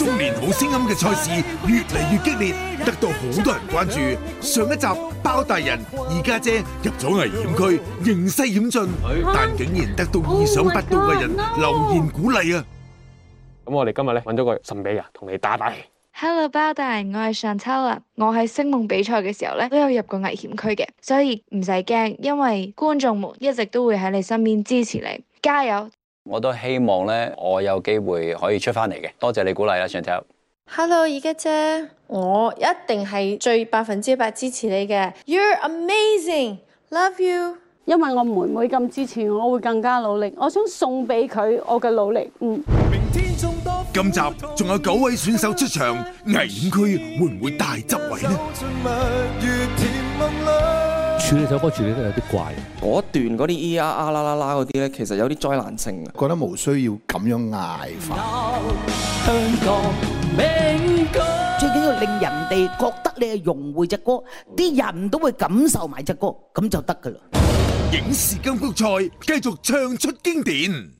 中年好聲音嘅賽事越嚟越激烈，得到好多人關注。上一集包大人二家姐入咗危險區，形勢險峻，但竟然得到意想不到嘅人留言鼓勵啊！咁我哋今日咧揾咗個神秘人同你打打氣。Hello，包大人，我係上秋啊。我喺星夢比賽嘅時候咧都有入過危險區嘅，所以唔使驚，因為觀眾們一直都會喺你身邊支持你，加油！我都希望咧，我有機會可以出翻嚟嘅。多謝你鼓勵啦上 Hello，二家姐，我一定係最百分之百支持你嘅。You're amazing，love you。因為我妹妹咁支持我，會更加努力。我想送俾佢我嘅努力。嗯。今集仲有九位選手出場，危險區會唔會大執位呢？處理首歌處理得有啲怪，嗰段嗰啲咿啊啊啦啦啦嗰啲咧，其實有啲災難性嘅。覺得冇需要咁樣嗌法。香港名曲。最緊要令人哋覺得你係融匯隻歌，啲人都會感受埋隻歌，咁就得噶啦。影視金曲賽繼續唱出經典。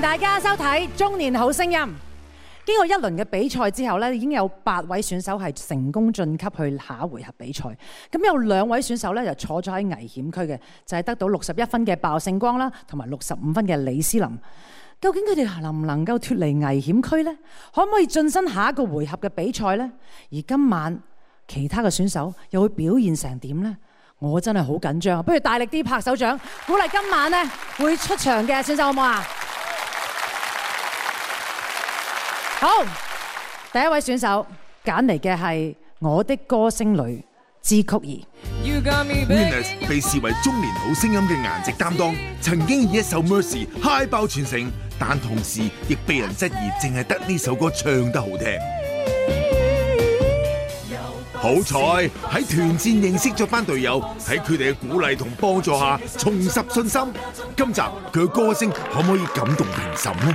大家收睇《中年好聲音》。經過一輪嘅比賽之後呢，已經有八位選手係成功晉級去下一回合比賽。咁有兩位選手呢，就坐咗喺危險區嘅，就係得到六十一分嘅鮑勝光啦，同埋六十五分嘅李思琳。究竟佢哋能唔能夠脫離危險區呢？可唔可以晉身下一個回合嘅比賽呢？而今晚其他嘅選手又會表現成點呢？我真係好緊張，不如大力啲拍手掌，鼓勵今晚呢會出場嘅選手，好唔好啊？好，第一位選手揀嚟嘅係我的歌聲裏，智曲兒。Venus 被視為中年好聲音嘅顏值擔當，曾經以一首 Mercy 嗨爆全城，但同時亦被人質疑淨係得呢首歌唱得好聽。好彩喺團戰認識咗班隊友，喺佢哋嘅鼓勵同幫助下重拾信心。今集佢嘅歌聲可唔可以感動評審呢？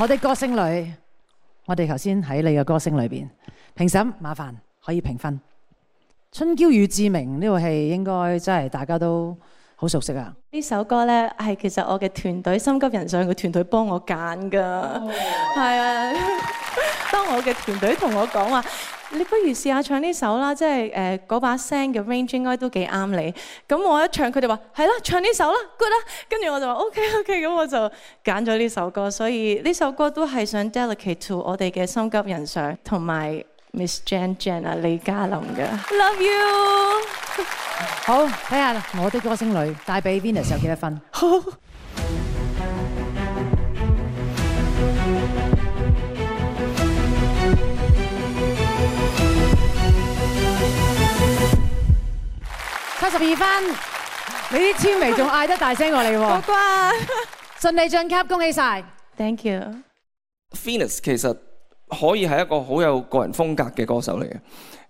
我的歌聲裏，我哋頭先喺你的歌聲裏面評審，麻煩可以評分。春嬌與志明呢個戲應該真係大家都好熟悉。這呢首歌呢係其實我嘅團隊心急人上嘅團隊幫我揀㗎，係、oh. 啊！當我嘅團隊同我講話。你不如試下唱呢首啦，即係誒嗰把聲嘅 range 應該都幾啱你。咁我一唱佢哋話係啦，唱呢首啦，good 啦。跟住我就話 OK OK，咁我就揀咗呢首歌。所以呢首歌都係想 dedicate to 我哋嘅心急人上同埋 Miss Jan Jan 啊李嘉琳嘅。Love you。好，睇下我的歌星女帶俾 Venus 有幾多分。七十二分，你啲簽名仲嗌得大聲過你喎！乖乖，順利進級，恭喜晒！Thank you。Phoenix 其實可以係一個好有個人風格嘅歌手嚟嘅。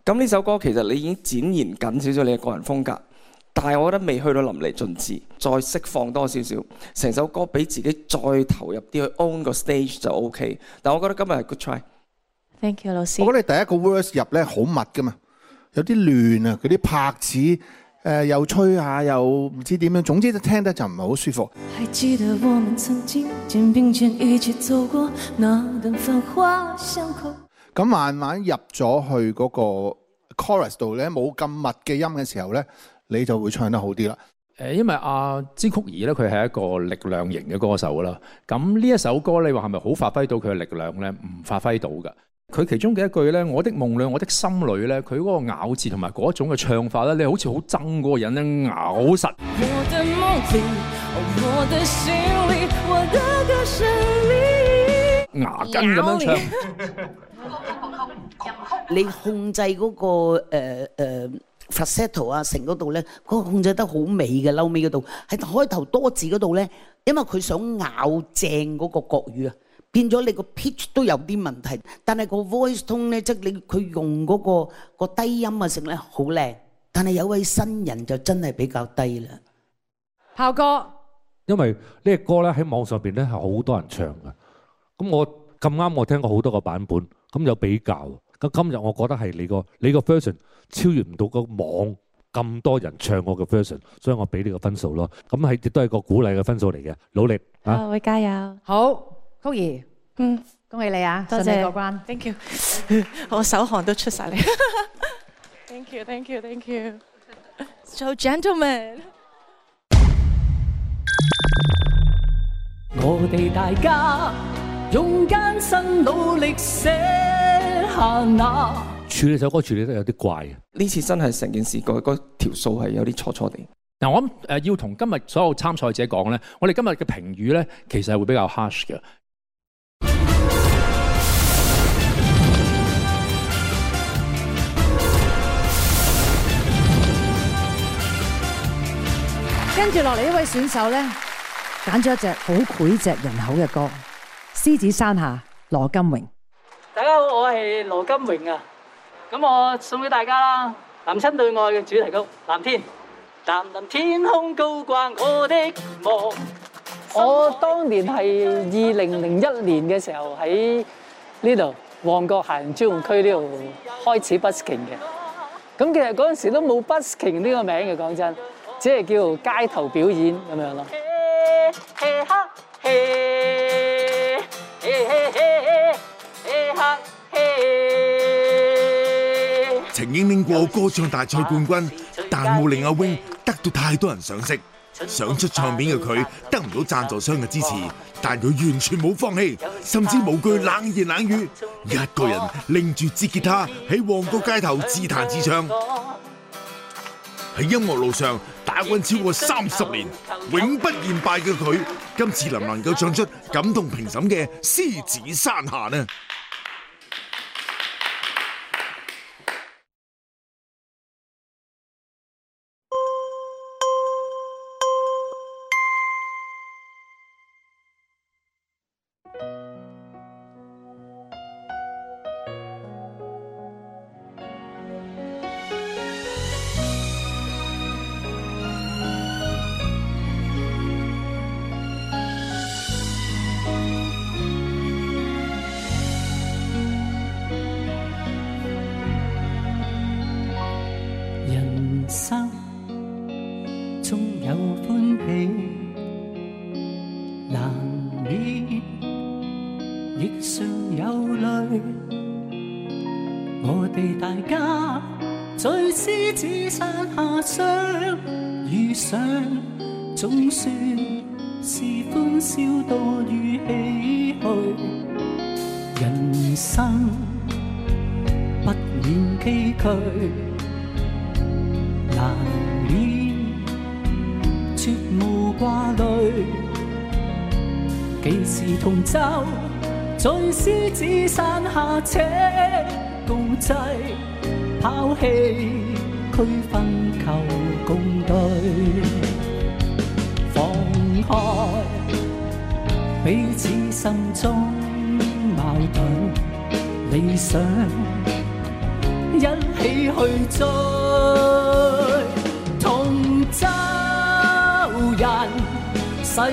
咁呢首歌其實你已經展現緊少少你嘅個人風格，但係我覺得未去到淋漓盡致，再釋放多少少，成首歌俾自己再投入啲去 own 個 stage 就 OK。但我覺得今日係 good try。Thank you，老師。我覺得你第一個 verse 入咧好密噶嘛，有啲亂啊，嗰啲拍子。誒、呃、又吹下、啊、又唔知點樣，總之就聽得就唔係好舒服。咁慢慢入咗去嗰個 chorus 度咧，冇咁密嘅音嘅時候咧，你就會唱得好啲啦。誒、因為阿、啊、支嚳儀咧，佢係一個力量型嘅歌手啦。咁呢一首歌，你話係咪好發揮到佢嘅力量咧？唔發揮到㗎。佢其中嘅一句咧，我的夢裏，我的心裡咧，佢嗰個咬字同埋嗰一種嘅唱法咧，你好似好憎嗰個人咧，咬實。我的夢裏，我的心裡，我的歌聲裏。牙根咁樣唱。你控制嗰個誒誒 falsetto 啊，成嗰度咧，嗰個控制得好美嘅嬲尾嗰度，喺開頭多字嗰度咧，因為佢想咬正嗰個國語啊。變咗你個 pitch 都有啲問題，但係個 voice tone 咧，即係你佢用嗰個低音啊，成咧好靚。但係有位新人就真係比較低啦，炮哥。因為呢個歌咧喺網上邊咧係好多人唱嘅，咁我咁啱我聽過好多個版本，咁有比較。咁今日我覺得係你個你個 version 超越唔到個網咁多人唱我嘅 version，所以我俾你個分數咯。咁係亦都係個鼓勵嘅分數嚟嘅，努力啊！各位加油，好。嚳儀，嗯，恭喜你啊，多謝你過關。Thank you，我手汗都出晒嚟。Thank you, thank you, thank you。So gentleman。我哋大家用艱辛努力寫下那。處理首歌處理得有啲怪啊！呢 次真係成件事嗰嗰條數係有啲錯錯地。嗱，我諗誒要同今日所有參賽者講咧，我哋今日嘅評語咧，其實係會比較 harsh 嘅。跟住落嚟，呢位選手咧，揀咗一隻好膾炙人口嘅歌《獅子山下》，羅金榮。大家好，我係羅金榮啊。咁我送俾大家啦，《男親女愛》嘅主題曲《藍天》。藍藍天空高掛我的夢。我當年係二零零一年嘅時候喺呢度旺角行人專用區呢度開始 busking 嘅。咁其實嗰陣時都冇 busking 呢個名嘅，講真。即係叫街頭表演咁樣咯。曾經拎過歌唱大賽冠軍，但冇令阿 Wing 得到太多人賞識。想出唱片嘅佢得唔到贊助商嘅支持，但佢完全冇放棄，甚至無懼冷言冷語，一個人拎住支吉他喺旺角街頭自彈自唱。喺音樂路上，超過三十年，永不言敗嘅佢，今次能唔能夠唱出感動評審嘅《獅子山下》呢？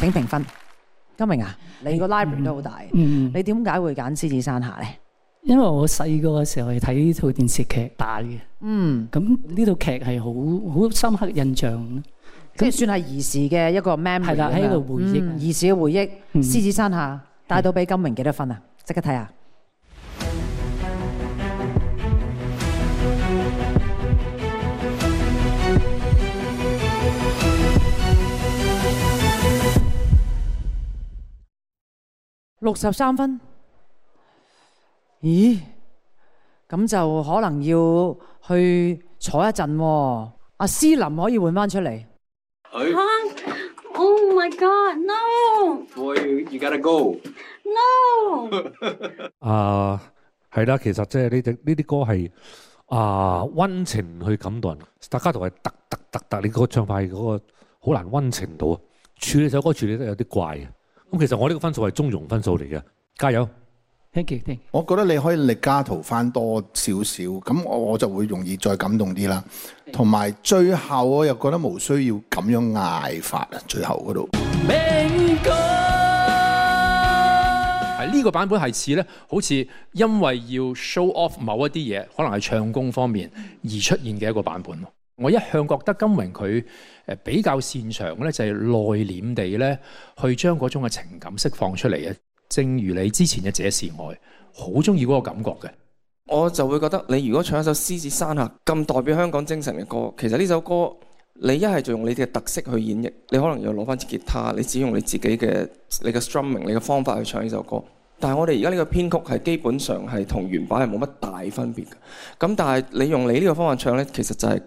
請評分，金明啊，你個 library 都好大，嗯嗯、你點解會揀、嗯嗯嗯嗯《獅子山下》咧？因為我細個嘅時候係睇呢套電視劇大嘅，嗯，咁呢套劇係好好深刻印象即跟算係兒時嘅一個 memory 係啦，喺呢度回憶，兒時嘅回憶，《獅子山下》帶到俾金明幾多分啊？即刻睇下。六十三分，咦？咁就可能要去坐一陣啊。阿斯林可以換翻出嚟。哈！哎啊！Oh my God！No！You you gotta go！No！啊，係啦，其實即係呢隻呢啲歌係啊溫情去感動人大家，同係特特特特，你個唱法嗰個好難溫情到啊！處理首歌處理得有啲怪啊！咁其實我呢個分數係中庸分數嚟嘅，加油！Thank you, thank you. 我覺得你可以力加圖翻多少少，咁我我就會容易再感動啲啦。同埋最後我又覺得冇需要咁樣嗌法發，最後嗰度。係 呢樂、 呢個版本係似咧，好似因為要 show off 某一啲嘢，可能係唱功方面而出現嘅一個版本。我一向覺得金榮佢比較擅長咧，就係內斂地咧去將嗰種嘅情感釋放出嚟嘅。正如你之前嘅《這是愛》，好中意嗰個感覺嘅。我就會覺得你如果唱一首《獅子山下》咁代表香港精神嘅歌，其實呢首歌你一係就用你嘅特色去演繹，你可能要攞翻支吉他，你只用你自己嘅你嘅 strumming 你嘅方法去唱呢首歌。但係我哋而家呢個編曲係基本上係同原版係冇乜大分別嘅。咁但係你用你呢個方法唱呢，其實就係，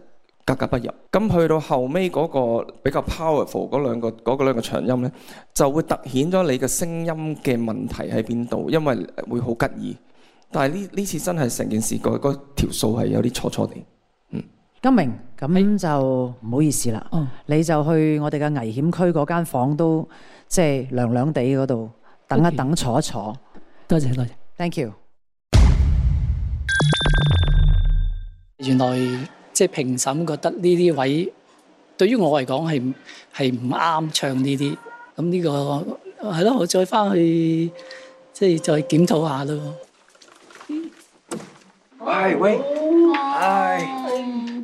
格格不入，咁去到後尾嗰個比較 powerful 嗰兩個嗰嗰兩個長音呢，就會突顯咗你嘅聲音嘅問題喺邊度，因為會好吉耳。但係呢呢次真係成件事、個嗰條數係有啲錯錯地，金、嗯、明，咁就唔好意思啦，你就去我哋嘅危險區嗰間房都即係、就是、涼涼地嗰度等一等，Okay. 坐一坐。多謝多謝，Thank you。原來。即、就、係、是、評審覺得呢啲位對於我嚟講係係唔啱唱呢啲，咁呢、這個係咯，我再翻去即係、就是、再檢討下咯。Hi，Wayne、哎。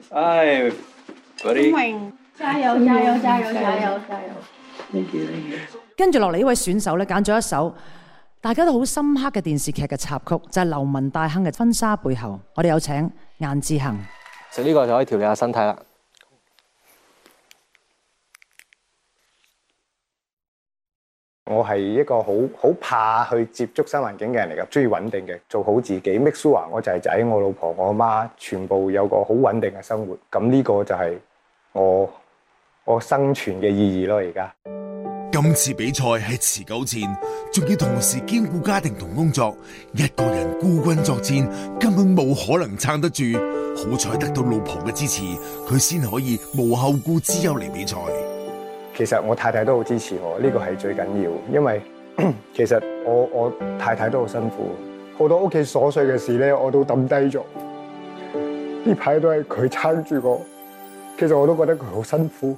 Hi，Hi，Buddy、哎哎哎哎哎哎哎哎。加油加油加油加油加油，加油！Thank you。跟住落嚟，呢位選手咧揀咗一首大家都好深刻嘅電視劇嘅插曲，就係《流氓大亨》嘅婚紗背後。我哋有請顏志恒。食呢個就可以調理下身體啦。我係一個好好怕去接觸新環境嘅人嚟噶，中意穩定嘅，做好自己。Mixua 我仔仔，我老婆、我媽，全部有個好穩定嘅生活。咁呢個就係我我生存嘅意義咯，而家。今次比賽係持久戰，仲要同時兼顧家庭同工作，一個人孤軍作戰根本冇可能撐得住。好彩得到老婆嘅支持，佢先可以無後顧之憂嚟比賽。其實我太太都好支持我，呢個係最緊要。因為其實我我太太都好辛苦，好多屋企瑣碎嘅事咧，我都抌低咗。呢排都係佢撐住我，其實我都覺得佢好辛苦。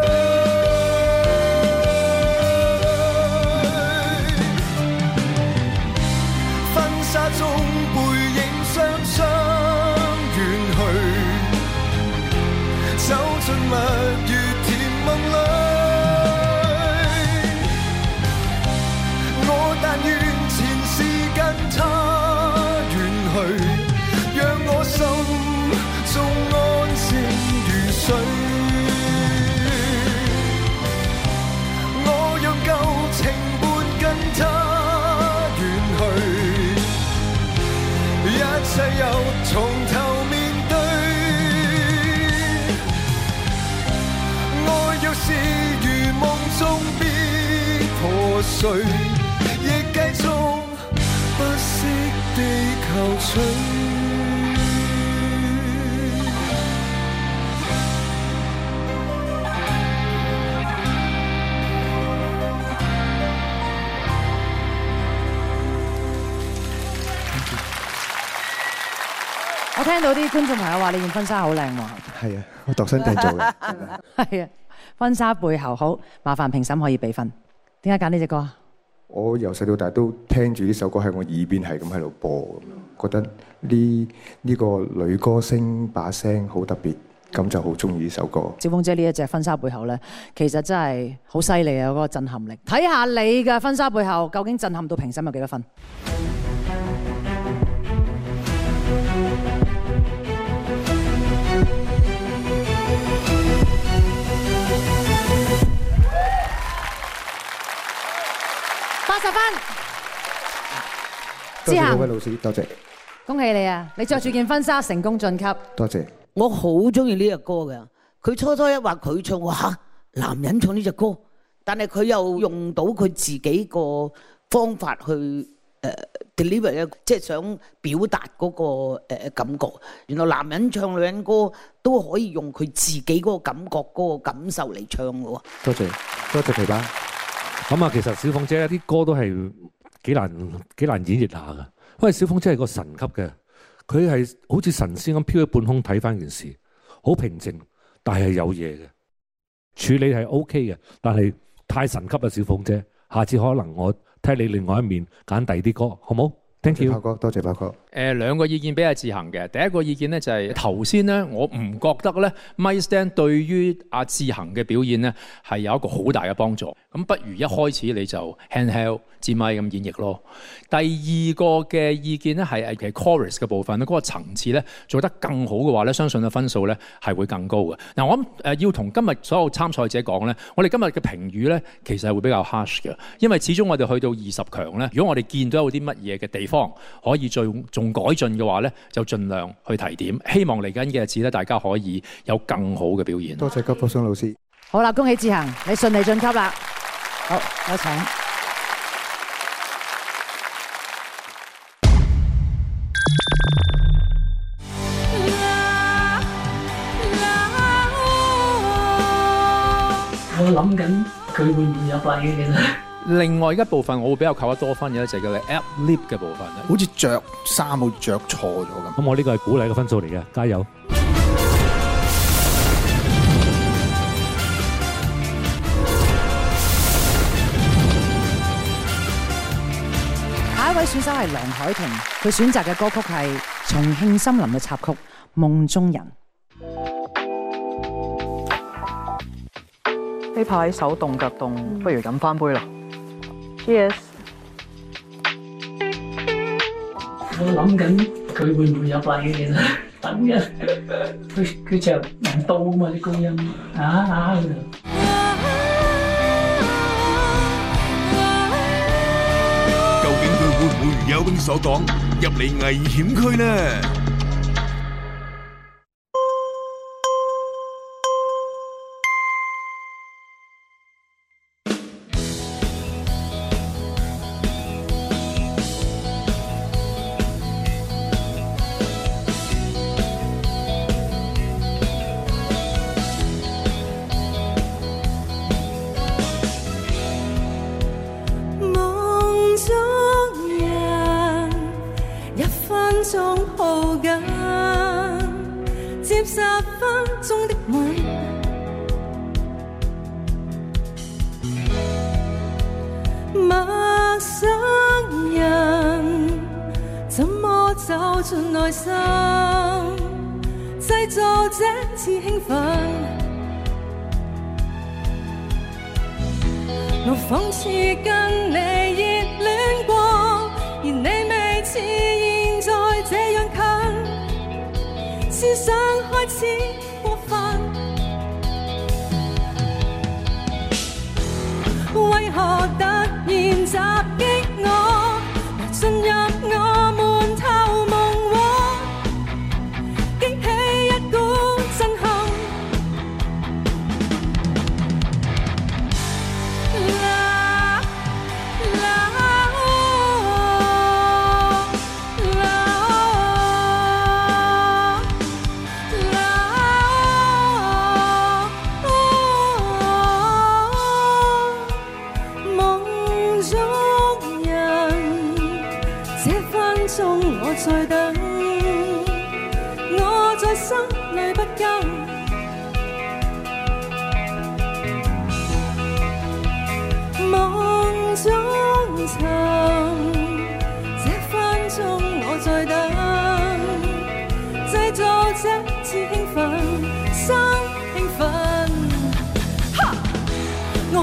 不惜地求取。我聽到啲觀眾朋友話你件婚紗好靚喎，係啊，我度身訂做嘅，係啊，婚紗背後好，麻煩評審可以俾分。點解揀呢隻歌啊？我由細到大都聽住呢首歌喺我耳邊係咁喺度播，覺得呢呢、這個女歌星把聲好特別，咁就好中意呢首歌，嗯。趙峰姐呢一隻婚紗背後呢，其實真係好犀利啊！嗰個震撼力，睇下你嘅婚紗背後究竟震撼到評審有幾多分？十分，多謝各位老師多謝，恭喜你啊！你著住件婚紗成功晉級，多謝。我好中意呢隻歌嘅，佢初初一話佢唱，嘩，男人唱呢隻歌，但係佢又用到佢自己個方法去誒 deliver，即係想表達嗰個誒感覺。原來男人唱女人歌都可以用佢自己嗰個感覺、嗰個感受嚟唱嘅喎。多謝，多謝皮爸。咁、嗯、啊，其實小鳳姐有啲歌都係幾難幾難演繹下嘅，因為小鳳姐係個神級嘅，佢係好似神仙咁飄喺半空睇翻件事，好平靜，但係有嘢嘅處理係 OK 嘅，但係太神級啦，小鳳姐，下次可能我聽你另外一面，揀第二啲歌，好冇？Thank you 多。多謝發哥。誒、呃，兩個意見俾阿志恒嘅，第一個意見咧就係頭先咧，我唔覺得咧 mic stand 對於阿志恒嘅表現咧係有一個好大嘅幫助。咁不如一開始你就 handheld、尖麥咁演繹咯。第二個嘅意見咧，係其實 chorus 嘅部分咧，嗰個層次咧做得更好嘅話咧，相信嘅分數咧係會更高嘅。嗱，我諗要同今日所有參賽者講咧，我哋今日嘅評語咧其實係會比較 hush 嘅，因為始終我哋去到二十強咧，如果我哋見到有啲乜嘢嘅地方可以再仲改進嘅話咧，就盡量去提點。希望嚟緊嘅日子咧，大家可以有更好嘅表現。多謝，謝吉普森老師。好啦，恭喜志恒，你順利晉級啦！好，有請。我諗緊佢會唔入嚟嘅，其實。另外一部分我會比較扣得多分嘅，就係叫你 app live 嘅部分，好似着衫冇着錯咗咁。咁我呢個係鼓勵嘅分數嚟嘅，加油。選手係梁愷庭，佢選擇嘅歌曲係《重慶森林》嘅插曲《夢中人》。呢排手凍腳凍，不如飲翻杯咯。Yes，我諗緊佢會唔會入嚟嘅啫，等一，佢佢就唔到啊嘛啲高音啊啊！我如友兵所講，入嚟危險區啦！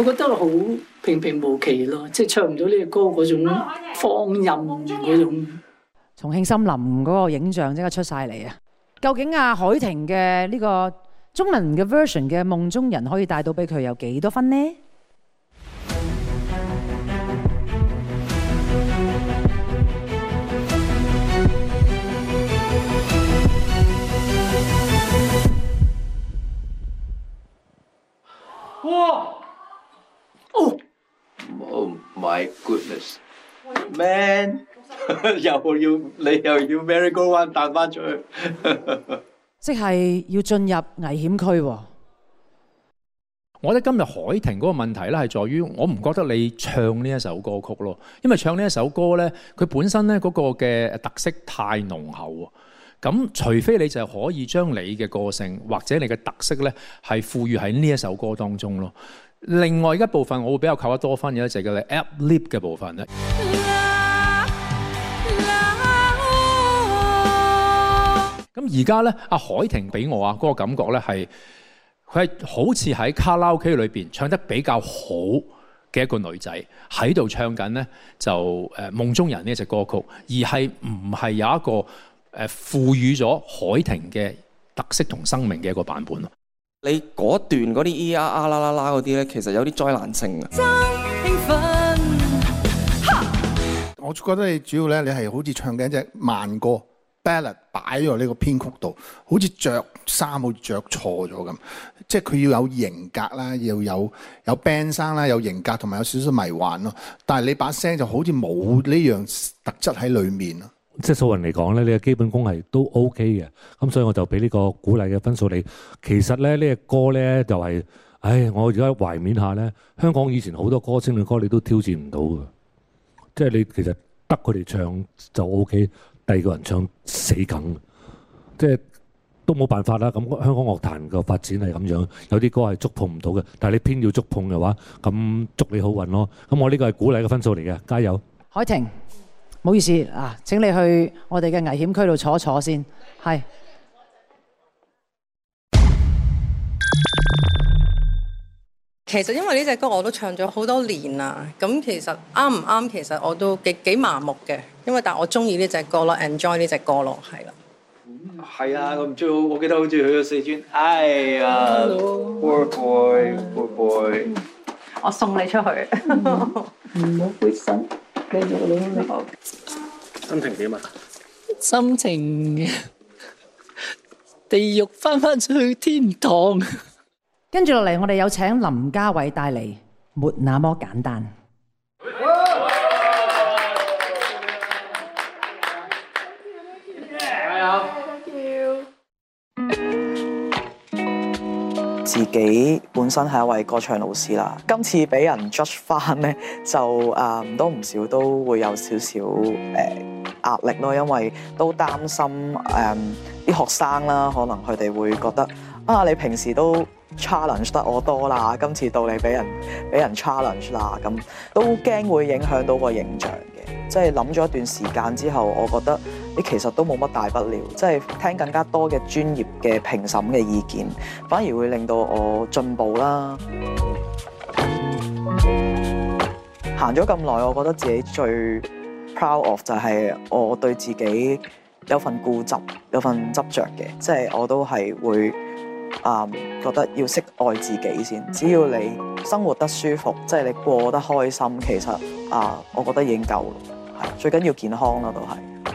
我覺得好平平無奇咯，即係唱唔到呢個歌嗰種放任嗰種。重慶森林嗰個影像即刻出曬嚟啊。究竟阿海婷嘅呢個中文嘅 version 嘅《夢中人》可以帶到俾佢有幾多分呢？哇！Oh! Oh my goodness, man！ 又要你又要 very go one 彈翻出去， 即係要進入危險區。我覺得今日愷庭嗰個問題咧，係在於我唔覺得你唱呢一首歌曲咯，因為唱呢一首歌咧，佢本身咧嗰個嘅特色太濃厚。咁除非你就係可以將你嘅個性或者你嘅特色咧，係賦予喺呢一首歌當中咯。另外一部分我會比較扣得多翻嘅咧，就係叫你 Up Live 嘅部分咧。咁而家咧，阿海、哦、婷俾我啊，嗰個感覺咧係，佢係好似喺卡拉 OK 裏邊唱得比較好嘅一個女仔喺度唱緊咧，就誒夢中人呢一隻歌曲，而係唔係有一個誒賦予咗海婷嘅特色同生命嘅一個版本咯。你嗰段嗰啲咿呀呀啦啦啦嗰啲咧，其實有啲災難性嘅。我覺得你主要咧，你係好似唱緊一隻慢歌，Ballad 擺咗呢個編曲度，好似着衫好似着錯咗咁。即係佢要有型格啦，要有有 Band 聲啦，有型格同埋有少少迷幻咯。但係你把聲就好似冇呢樣特質喺裏面咯。即係素人嚟講咧，你嘅基本功係都 OK 嘅，咁所以我就俾呢個鼓勵嘅分數你。其實咧，呢、這個歌咧就係、是，唉，我而家懷緬下咧，香港以前好多歌星嘅歌，你都挑戰唔到嘅。即係你其實得佢哋唱就 OK，第二個人唱死梗。即係都冇辦法啦。咁香港樂壇嘅發展係咁樣，有啲歌係觸碰唔到嘅。但係你偏要觸碰嘅話，咁祝你好運咯。咁我呢個係鼓勵嘅分數嚟嘅，加油，海晴。唔好意思，嗱、啊，請你去我哋嘅危險區度坐一坐先。係。其實因為呢隻歌我都唱咗好多年啦，咁其實啱唔啱其實我都幾幾麻木嘅，因為但我鍾意呢隻歌咯，Enjoy 呢隻歌咯，係啦。係、嗯、啊，我唔知，我記得好似去咗四川。哎呀、uh，Boy Boy Boy Boy，我送你出去，唔好灰心。跟續，老公心情點啊？心情，地獄翻翻去天堂。跟住落嚟，我哋有請林鉫徫帶嚟《沒那麼簡單》。自己本身係一位歌唱老師啦，今次俾人 judge 翻呢，就誒唔多唔少都會有少少誒壓力咯，因為都擔心誒啲、嗯、學生啦，可能佢哋會覺得啊，你平時都 challenge 得我多啦，今次到你俾人俾人 challenge 啦，咁都驚會影響到個形象嘅。即係諗咗一段時間之後，我覺得。你其實都冇乜大不了，即係聽更加多嘅專業嘅評審嘅意見，反而會令到我進步啦。行咗咁耐，我覺得自己最 proud of 就係我對自己有份固執，有份執着嘅，即係我都係會啊、嗯、覺得要識愛自己先。只要你生活得舒服，即係你過得開心，其實啊，我覺得已經夠啦。最緊要係健康啦，都係。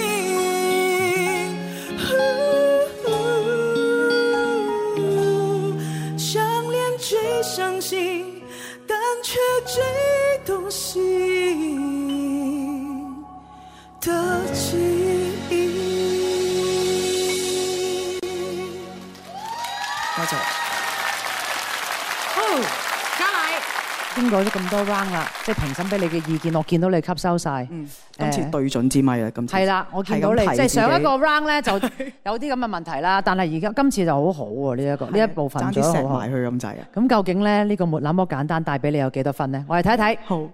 過咗咁多 round 啦，即係評審俾你嘅意見，我見到你吸收曬。今次對準支咪啦，今次。係啦，我見到你，即係上一個 round 咧就有啲咁嘅問題啦，但係而家今次就好好喎，呢一個呢一部分。爭啲錫埋佢咁滯啊！咁究竟咧呢個沒那麼簡單，帶俾你有幾多分咧？我哋睇一睇。好。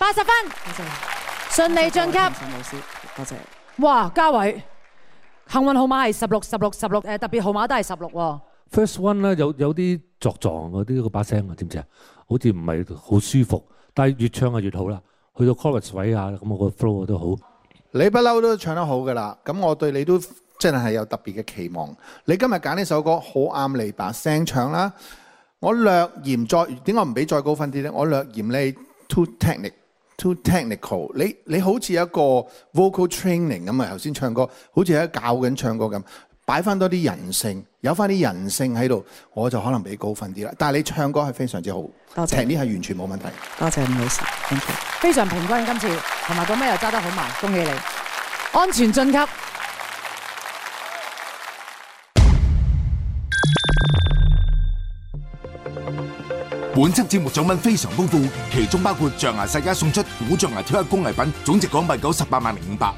八十分。順利晉級，陳老師，多謝。哇，嘉偉，幸運號碼係十六、十六、十六，誒特別號碼都係十六喎。First one 咧，有有啲作狀嗰啲嗰把聲啊，知唔知啊？好似唔係好舒服，但係越唱就越好啦。去到 chorus 位啊，咁、那、我個 flow 都好。你不嬲都唱得好噶啦，咁我對你都真係有特別嘅期望。你今日揀呢首歌好啱你把聲唱啦。我略嫌再點解唔俾再高分啲咧？我略嫌你 too technical Too technical，你你好似一個 vocal training 咁啊，頭先唱歌好似喺教緊唱歌咁，擺翻多啲人性，有翻啲人性喺度，我就可能俾高分啲啦。但係你唱歌係非常之好，technically 係完全冇問題。多謝伍女士，非常平均今次，同埋個咩又揸得好慢，恭喜你，安全進級。本輯節目獎品非常豐富，其中包括象牙世家送出古象牙雕刻工藝品，總值港幣九十八萬零五百。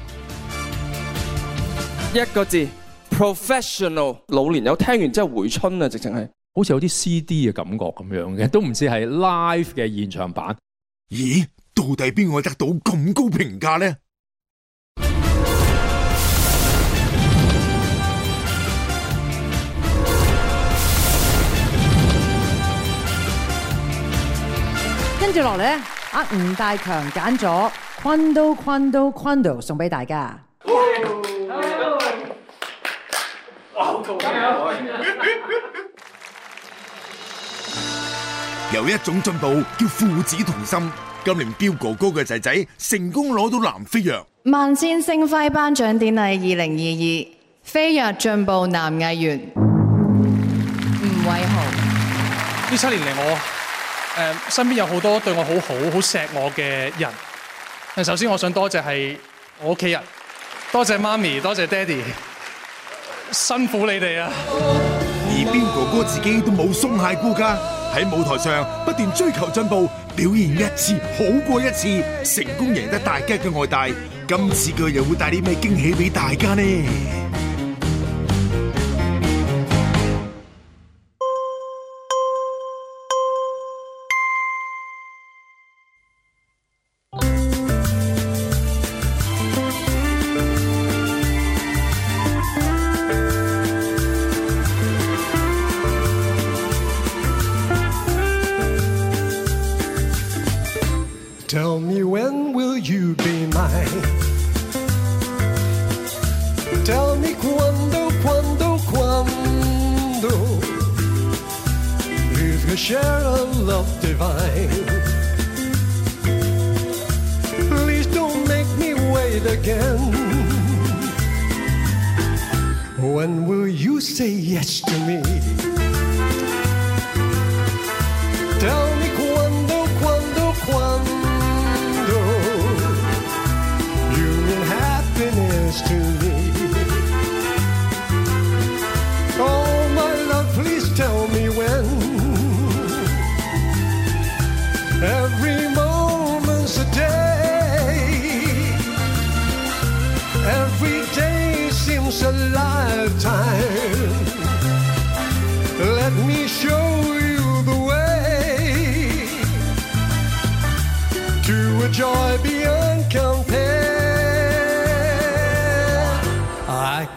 一個字 professional，老年友聽完之後回春啊，直情係，好似有啲 CD 嘅感覺咁樣嘅，都唔似係 live 嘅現場版。咦，到底邊個得到咁高評價咧？跟住落嚟咧，阿吳大強揀咗《Quando Quando Quando》送俾大家。好有一種進步叫父子同心。今年彪哥哥嘅仔仔成功攞到男飛躍。萬千星輝頒獎典禮二零二二飛躍進步男藝員，吳偉豪。呢七年嚟我。誒身邊有好多對我好好好錫我嘅人，首先我想多謝係我屋企人，多謝媽咪，多謝爹哋，辛苦你哋啊！而邊哥哥自己都冇鬆懈顧家，喺舞台上不斷追求進步，表現一次，一次好過一次，成功贏得大家嘅愛戴。今次佢又會帶啲咩驚喜俾大家呢？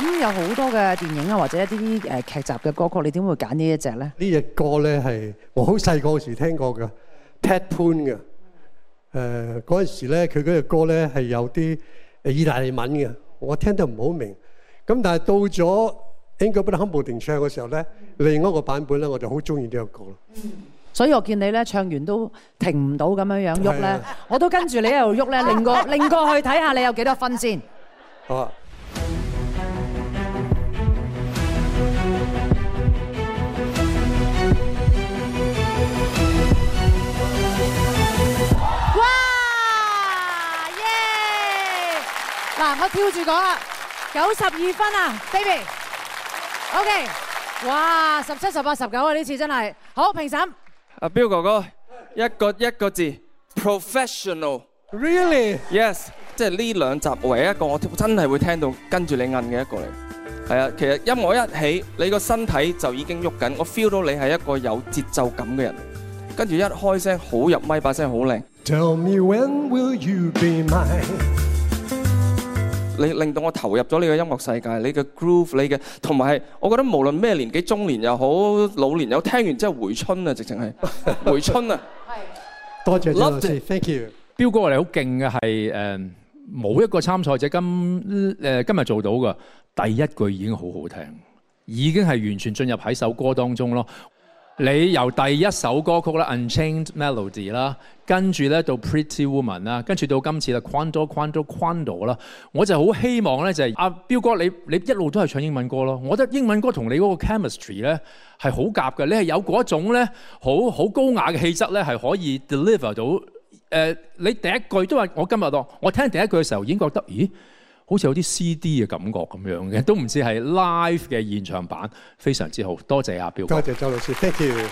咁有好多嘅電影啊，或者一啲誒、呃、劇集嘅歌曲，你點會揀呢一隻咧？呢隻歌咧係我好細個時聽過嘅 Pat Boone 嘅。誒嗰陣時咧，佢嗰隻歌咧係有啲誒意大利文嘅，我聽得唔好明。咁但係到咗 Engelbert Humperdinck 唱嘅時候咧，mm -hmm. 另一個版本咧，我就好中意呢個歌。嗯、mm -hmm.，所以我見你咧唱完都停唔到咁樣樣喐咧，我都跟住你一度喐咧，擰過擰過去睇下你有幾多分先。 好啊。嗱，我跳住講啊，九十二分啊，baby，OK，哇，十七、十八、十九啊，呢次真係好評審。阿 Bill 哥哥，一個一個字，professional，really，yes，即係呢兩集唯一一個我真係會聽到跟住你韌嘅一個嚟。係啊，其實音樂一起，你個身體就已經喐緊，我 feel 到你係一個有節奏感嘅人。跟住一開聲，好入咪把聲，好靚。Tell me when will you be mine。你令令到我投入咗你嘅音樂世界，你嘅 groove，你嘅，同埋係，我覺得無論咩年紀，中年又好，老年又聽完之後回春啊，直情係回春啊。係， 多謝張老師，thank you。彪哥，我哋好勁嘅係誒，冇一個參賽者今誒、呃、今日做到嘅，第一句已經好好聽，已經係完全進入喺首歌當中咯。你由第一首歌曲啦，Unchained Melody 啦。跟住咧到 Pretty Woman 啦，跟住到今次啦，Quando，Quando，Quando 啦，我就好希望咧就係阿彪哥你你一路都係唱英文歌咯。我覺得英文歌同你嗰個 chemistry 咧係好夾嘅。你係有嗰種咧好好高雅嘅氣質咧，係可以 deliver 到誒你第一句都話我今日我聽第一句嘅時候已經覺得咦好似有啲 CD 嘅感覺咁樣嘅，都唔知係 live 嘅現場版，非常之好。多謝阿彪哥。多謝周老師 Thank you。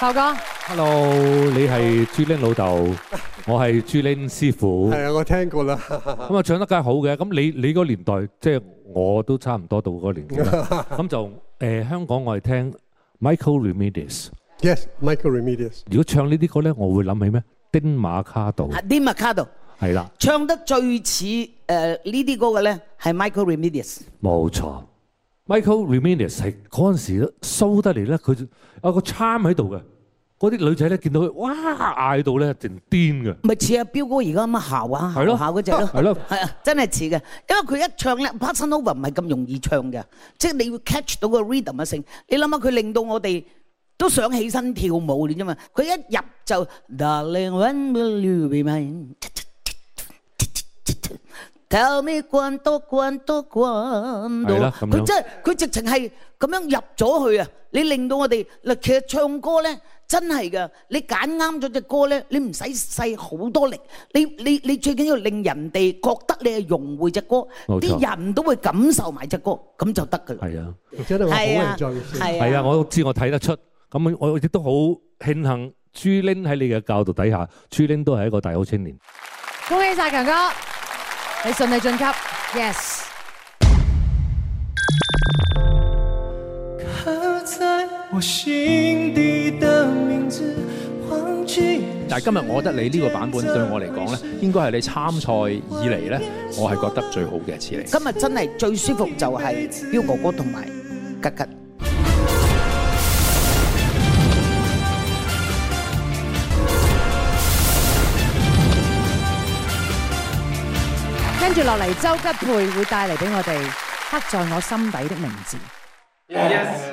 校哥 Hello，Hello，你係朱 n 老豆， 我係朱 n 師傅。係 啊、嗯，我聽過啦。咁啊，唱得梗係好嘅。咁你你嗰個年代，即係我都差唔多到嗰個年代。咁 就誒、呃，香港我係聽 Michael Remedios。Yes，Michael Remedios。如果唱呢啲歌咧，我會諗起咩？丁馬卡杜。d e m a d 係啦。唱得最似呢啲歌嘅咧，係 Michael Remedios。冇錯。Michael Reminis 係嗰陣時咧，show 得嚟咧，佢有個 charm 喺度嘅。嗰啲女仔咧見到佢，哇嗌到咧，成癲嘅。咪似阿彪哥而家咁姣啊，姣嗰隻咯，係咯，係啊，真係似嘅。因為佢一唱咧，Passion Over 唔係咁容易唱嘅，即係你要 catch 到個 rhythm 嘅性。你諗下，佢令到我哋都想起身跳舞你啫嘛。佢一入就。 睇下咩關都關都關到，佢真係佢直情係咁樣入咗去啊！你令到我哋嗱，其實唱歌咧真係㗎，你揀啱咗隻歌咧，你唔使使好多力，你你你最緊要令人哋覺得你係融匯隻歌，啲人都會感受埋隻歌，咁就得㗎啦。係啊，真係好榮幸。係啊，係啊，我知我睇得出，咁我亦都好慶幸朱玲喺你嘅教導底下，朱玲都係一個大好青年。恭喜曬強哥！你順利晉級，yes。但係今日我覺得你呢個版本對我嚟講咧，應該係你參賽以嚟咧，我係覺得最好嘅一次嚟。今日真係最舒服就係標哥哥同埋吉吉。跟住落嚟，周吉佩會帶嚟俾我哋刻在我心底的名字。Yes, yes.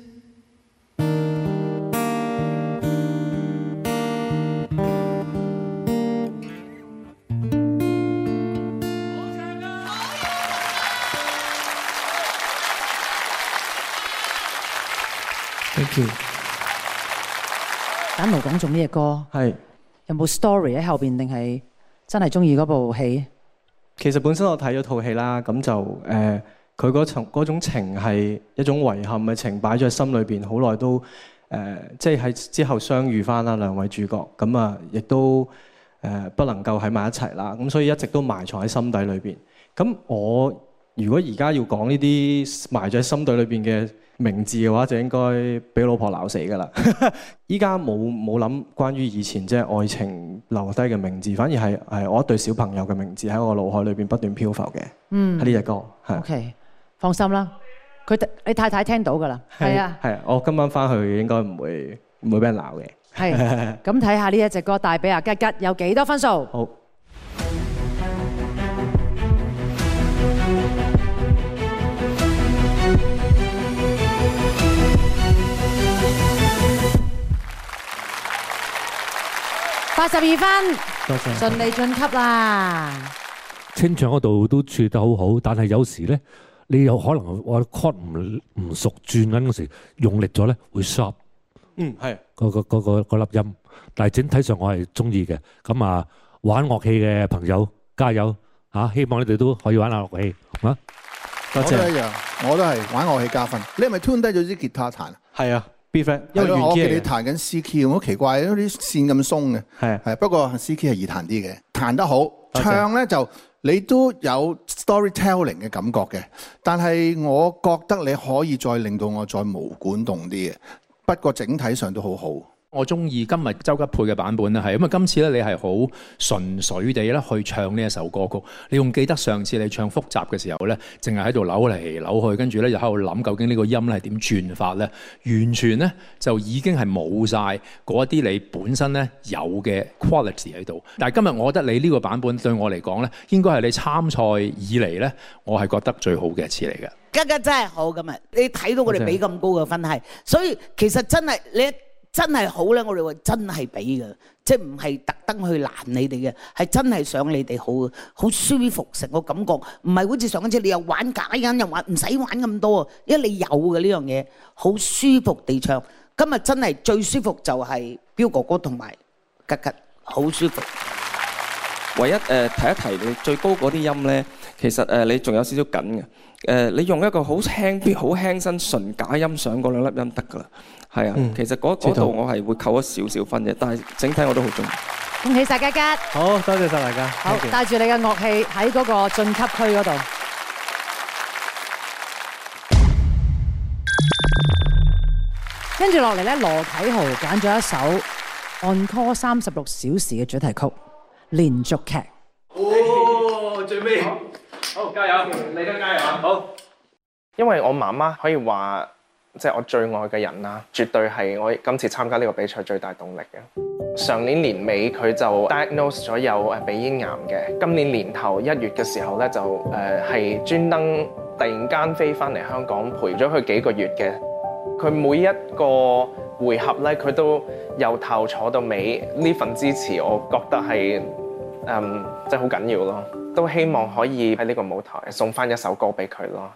簡毛咁做咩歌，係有冇 story 喺後邊定係真係中意嗰部戲？其實本身我睇咗套戲啦，咁就誒，佢嗰層種情係一種遺憾嘅情，擺咗喺心裏邊，好耐都誒，即係喺之後相遇翻啦，兩位主角，咁啊，亦都誒不能夠喺埋一齊啦，咁所以一直都埋藏喺心底裏邊。咁我如果而家要講呢啲埋咗喺心底裏邊嘅。名字嘅話就應該俾老婆鬧死㗎啦！依家冇冇諗關於以前即係愛情留低嘅名字，反而係係我一對小朋友嘅名字喺我腦海裏邊不斷漂浮嘅。嗯，呢隻歌係 OK，放心啦，佢你太太聽到㗎啦。係啊，係啊，我今晚返去應該唔會唔會俾人鬧嘅。係咁睇下呢一隻歌帶俾阿吉吉有幾多分數？好。八十二分，多謝，順利晉級啦！清唱嗰度都處理得好好，但係有時咧，你有可能我 cut 唔唔熟轉緊嗰時用力咗咧會 stop、那個。嗯，係。嗰、那個嗰、那個粒、那個、音，但係整體上我係中意嘅。咁啊，玩樂器嘅朋友加油吓、啊！希望你哋都可以玩下樂器啊！多謝，謝。一樣，我都係玩樂器加分。你係咪 tune 低咗啲吉他彈啊？係啊。B 分，因為我見你彈緊 C key，好奇怪，嗰啲線咁鬆嘅。係係，不過 C key 係易彈啲嘅，彈得好。Okay. 唱咧就你都有 storytelling 嘅感覺嘅，但係我覺得你可以再令到我再無管動啲嘅，不過整體上都好好。我中意今日周吉佩嘅版本啦，係因為今次咧你係好純粹地咧去唱呢一首歌曲，你仲記得上次你唱複雜嘅時候咧，淨係喺度扭嚟扭去，跟住咧又喺度諗究竟呢個音係點轉法咧，完全咧就已經係冇晒嗰啲你本身咧有嘅 quality 喺度。但係今日我覺得你呢個版本對我嚟講咧，應該係你參賽以嚟咧，我係覺得最好嘅一次嚟嘅。吉吉真係好，咁呀你睇到我哋俾咁高嘅分係，所以其實真係你。真係好咧！我哋話真係俾嘅，即係唔係特登去難你哋嘅，係真係想你哋好啊，好舒服成個感覺，唔係好似上緊車你又玩假音又玩，唔使玩咁多啊，因為你有嘅呢樣嘢，好舒服地唱。今日真係最舒服就係彪哥哥同埋吉吉，好舒服。唯一誒提一提你最高嗰啲音咧。其實誒你仲有少少緊嘅，誒你用一個好輕啲、好輕身純假音上嗰兩粒音得㗎啦，係啊，其實嗰嗰度我係會扣一少少分嘅，但係整體我都好中意。恭喜曬家家，好多謝曬大家。好，帶住你嘅樂器喺嗰個晉級區嗰度。跟住落嚟咧，羅啟豪揀咗一首《On Call 三十六小時》嘅主題曲連續劇。哦，最尾。好加油，你都加油啊！好，因為我媽媽可以話，即係我最愛嘅人啦，絕對係我今次參加呢個比賽最大動力嘅。上年年尾佢就 diagnose 咗有鼻咽癌嘅，今年年頭一月嘅時候咧就誒係專登突然間飛翻嚟香港陪咗佢幾個月嘅。佢每一個回合咧，佢都由頭坐到尾，呢份支持我覺得係。嗯，um，真係好緊要咯，都希望可以喺呢個舞台送返一首歌俾佢咯。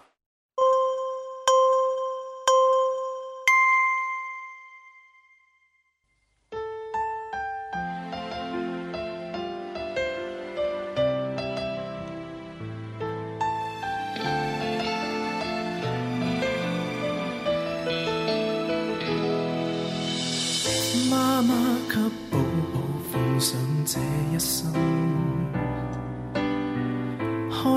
媽媽給寶寶奉上這一生。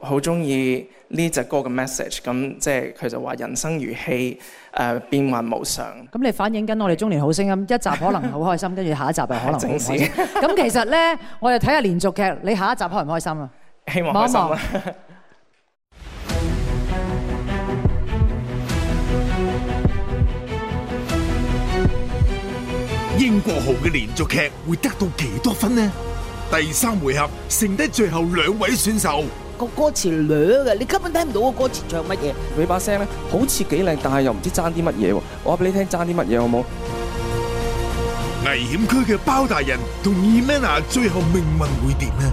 好中意呢隻歌嘅 message，咁即係佢就話人生如戲，誒、呃、變幻無常。咁你反映緊我哋中年好聲音，一集可能好開心，跟 住下一集又可能整事。心。咁 其實咧，我哋睇下連續劇，你下一集開唔開心啊？希望開心啦！英國豪嘅連續劇會得到幾多分呢？第三回合剩低最後兩位選手。個歌詞掠嘅，你根本聽唔到個歌詞唱乜嘢。佢把聲咧好似幾靚，但係又唔知爭啲乜嘢。我話俾你聽，爭啲乜嘢好冇？危險區嘅包大人同 Elena 最後命運會點呢？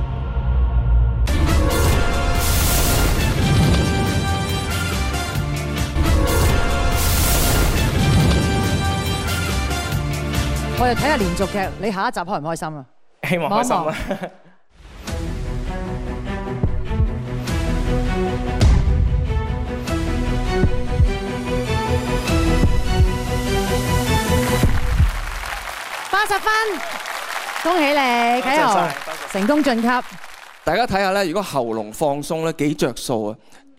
我哋睇下連續劇，你下一集開唔開心啊？希望開心啊！八十分，恭喜你，謝謝啟豪，成功晉級。大家睇下咧，如果喉嚨放鬆咧，幾着數啊！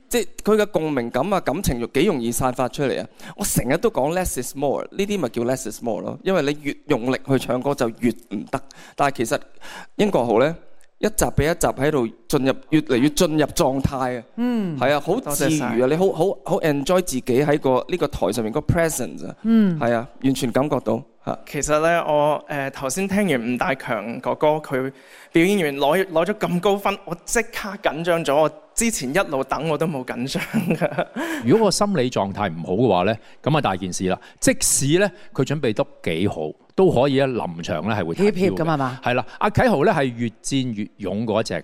即係佢嘅共鳴感啊，感情又幾容易散發出嚟啊！我成日都講 less is more，呢啲咪叫 less is more 咯，因為你越用力去唱歌就越唔得。但係其實英國豪咧一集比一集喺度進入越嚟越進入狀態啊！嗯，係啊，好自如啊！你好好好 enjoy 自己喺個呢個台上面個 presence 啊！嗯，係啊，完全感覺到。其實咧，我誒頭先聽完吳大強哥哥佢表演完攞攞咗咁高分，我即刻緊張咗。我之前一路等我都冇緊張㗎。如果我心理狀態唔好嘅話咧，咁啊大件事啦。即使咧佢準備得幾好。都可以啊，臨場咧係會跳跳咁啊嘛。係啦，阿、啊、啟豪咧係越戰越勇嗰隻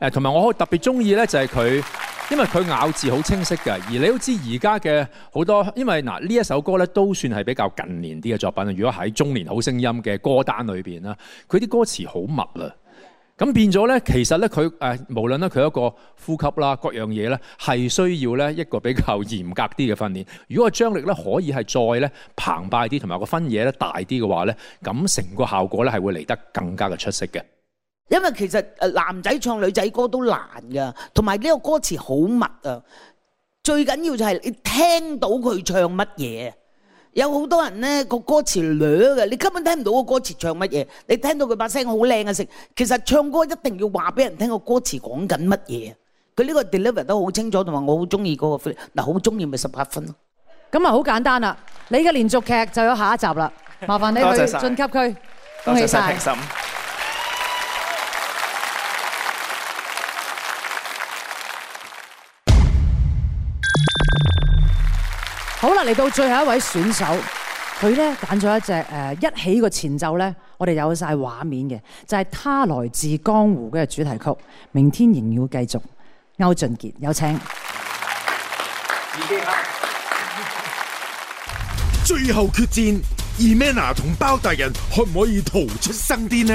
嘅，同埋我特別中意咧就係佢，因為佢咬字好清晰嘅，而你都知而家嘅好多，因為嗱呢一首歌咧都算係比較近年啲嘅作品啊，如果喺中年好聲音嘅歌單裏面，啦，佢啲歌詞好密咁變咗咧，其實咧佢誒無論咧佢一個呼吸啦，各樣嘢咧係需要咧一個比較嚴格啲嘅訓練。如果個張力咧可以係再咧澎湃啲，同埋個分野咧大啲嘅話咧，咁成個效果咧係會嚟得更加嘅出色嘅。因為其實男仔唱女仔歌都難㗎，同埋呢個歌詞好密啊。最緊要就係你聽到佢唱乜嘢。有好多人咧個歌詞攣嘅，你根本聽唔到個歌詞唱乜嘢。你聽到佢把聲好靚嘅聲，其實唱歌一定要話俾人聽個歌詞講緊乜嘢。佢呢個 deliver 都好清楚，同埋我好中意嗰個 feel，嗱，好中意咪十八分咯。咁啊好簡單啦，你嘅連續劇就有下一集啦。麻煩你去晉級區。多謝曬評審。好啦，嚟到最後一位選手，佢咧揀咗一隻一起嘅前奏咧，我哋有晒畫面嘅，就係、是《他來自江湖》嘅主題曲《明天仍要繼續》，區俊傑，有請。最後決最後決戰，伊萬娜同包大人可唔可以逃出生天呢？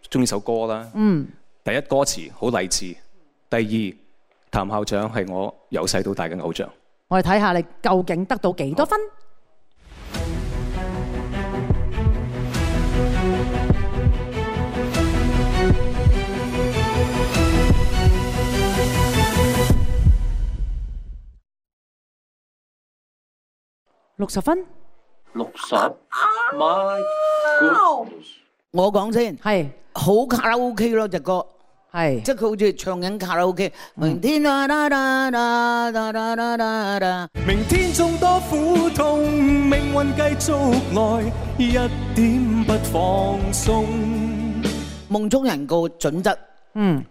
中意首歌啦，第一歌詞好勵志，第二譚校長係我由細到大嘅偶像。我哋睇下你究竟得到幾多分？六十分，六十，啊，My 我講先，係好卡拉 OK 咯隻歌，係即係佢好似唱緊卡拉 OK。明天啦啦啦啦啦啦啦啦，明天縱多苦痛，命運繼續愛，一點不放鬆。夢中人個準則，嗯，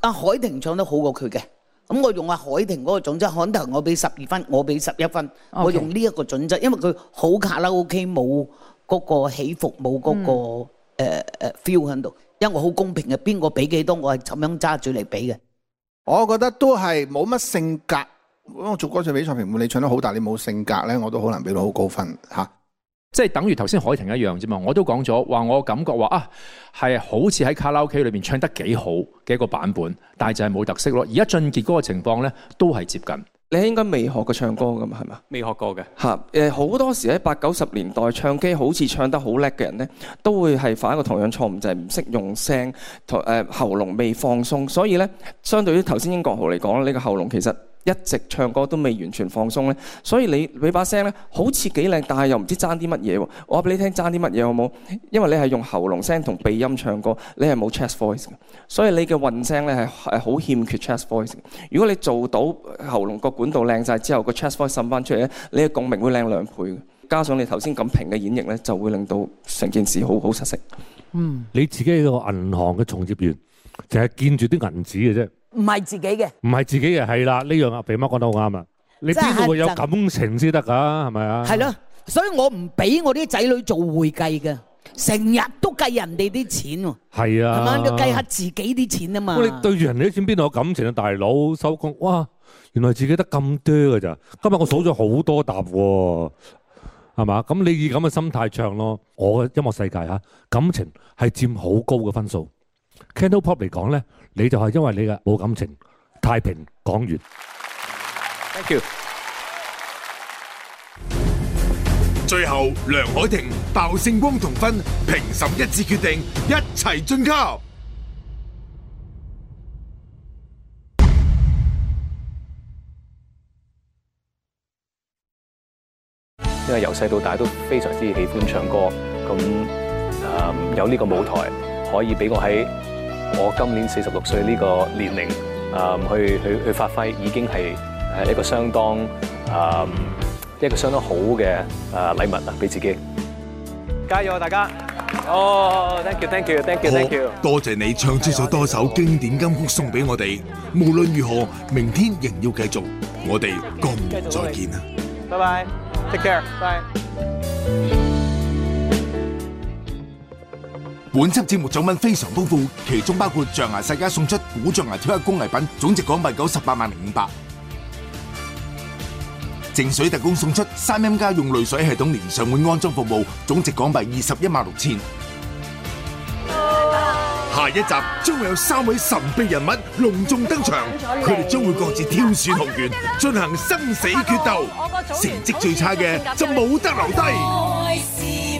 阿愷庭唱得好過佢嘅，咁我用阿愷庭嗰個準則，開頭我俾十二分，我俾十一分，我用呢一個準則，因為佢好卡拉 OK，冇嗰個起伏，冇嗰個。誒誒，feel 喺度，因為我好公平嘅，邊個俾幾多，我係咁樣揸住嚟俾嘅。我覺得都係冇乜性格。我做歌唱比賽評判，你唱得好大，你冇性格咧，我都好難俾到好高分吓。即、啊、係、就是、等於頭先愷庭一樣之嘛，我都講咗話，我感覺話啊，係好似喺卡拉 OK 裏邊唱得幾好嘅一個版本，但係就係冇特色咯。而家俊傑嗰個情況咧，都係接近。你應該未學過唱歌噶嘛，係嘛？未學過嘅吓，誒，好多時喺八九十年代唱 K，好似唱得好叻嘅人呢，都會係犯一個同樣錯誤，就係唔識用聲，喉嚨未放鬆，所以呢，相對於頭先英國豪嚟講呢個喉嚨其實一直唱歌都未完全放鬆咧，所以你你把聲咧好似幾靚，但係又唔知爭啲乜嘢喎。我話俾你聽，爭啲乜嘢好冇？因為你係用喉嚨聲同鼻音唱歌，你係冇 chest voice 嘅，所以你嘅混聲咧係係好欠缺 chest voice。如果你做到喉嚨個管道靚晒之後，個 chest voice 滲翻出嚟咧，你嘅共鳴會靚兩倍。加上你頭先咁平嘅演繹咧，就會令到成件事好好失色。嗯，你自己個銀行嘅從業員淨係見住啲銀紙嘅啫。唔係自己嘅，唔係自己嘅係啦。呢樣阿肥媽講得好啱啊！你邊度會有感情先得噶係咪啊？係咯，所以我唔俾我啲仔女做會計嘅，成日都計人哋啲錢喎。係啊，咁樣都計下自己啲錢啊嘛，你對住人哋啲錢邊度有感情啊？大佬，收工哇，原來自己得咁多嘅咋？今日我數咗好多沓喎，係嘛？咁你以咁嘅心態唱咯，我嘅音樂世界吓，感情係佔好高嘅分數。Candle Pop 嚟講咧，你就係因為你嘅冇感情，太平講完。Thank you。最後，梁愷庭、爆勝光同分，評審一致決定一齊進級。因為由細到大都非常之喜歡唱歌，咁有呢個舞台可以俾我喺。我今年四十六歲呢個年齡，啊，去去去發揮，已經係誒一個相當啊、嗯、一個相當好嘅誒禮物啊，俾自己。加油啊，大家！哦，oh，thank you，thank you，thank you，thank you, thank you, thank you, thank you。多謝你唱出咗多首經典金曲送俾我哋。無論如何，明天仍要繼續，我哋今日再見啦。拜拜，take care，拜。本輯節目獎品非常豐富，其中包括象牙世家送出古象牙雕刻工藝品，總值港幣九十八萬零五百；淨水特工送出三 M 家用濾水系統連上門安裝服務，總值港幣二十一萬六千。下一集將會有三位神秘人物隆重登場，佢哋將會各自挑選學員，進行生死決鬥，成績最差嘅就冇得留低。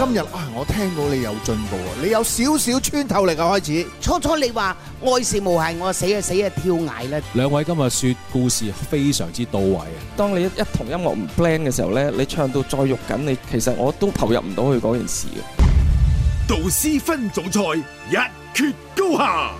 今日啊、哎，我聽到你有進步啊！你有少少穿透力啊，開始初初你話愛是無限，我死啊死啊跳崖咧！兩位今日説故事非常之到位啊！當你一一同音樂唔 plan 嘅時候咧，你唱到再喐緊，你其實我都投入唔到去嗰件事嘅。導師分組賽一決高下。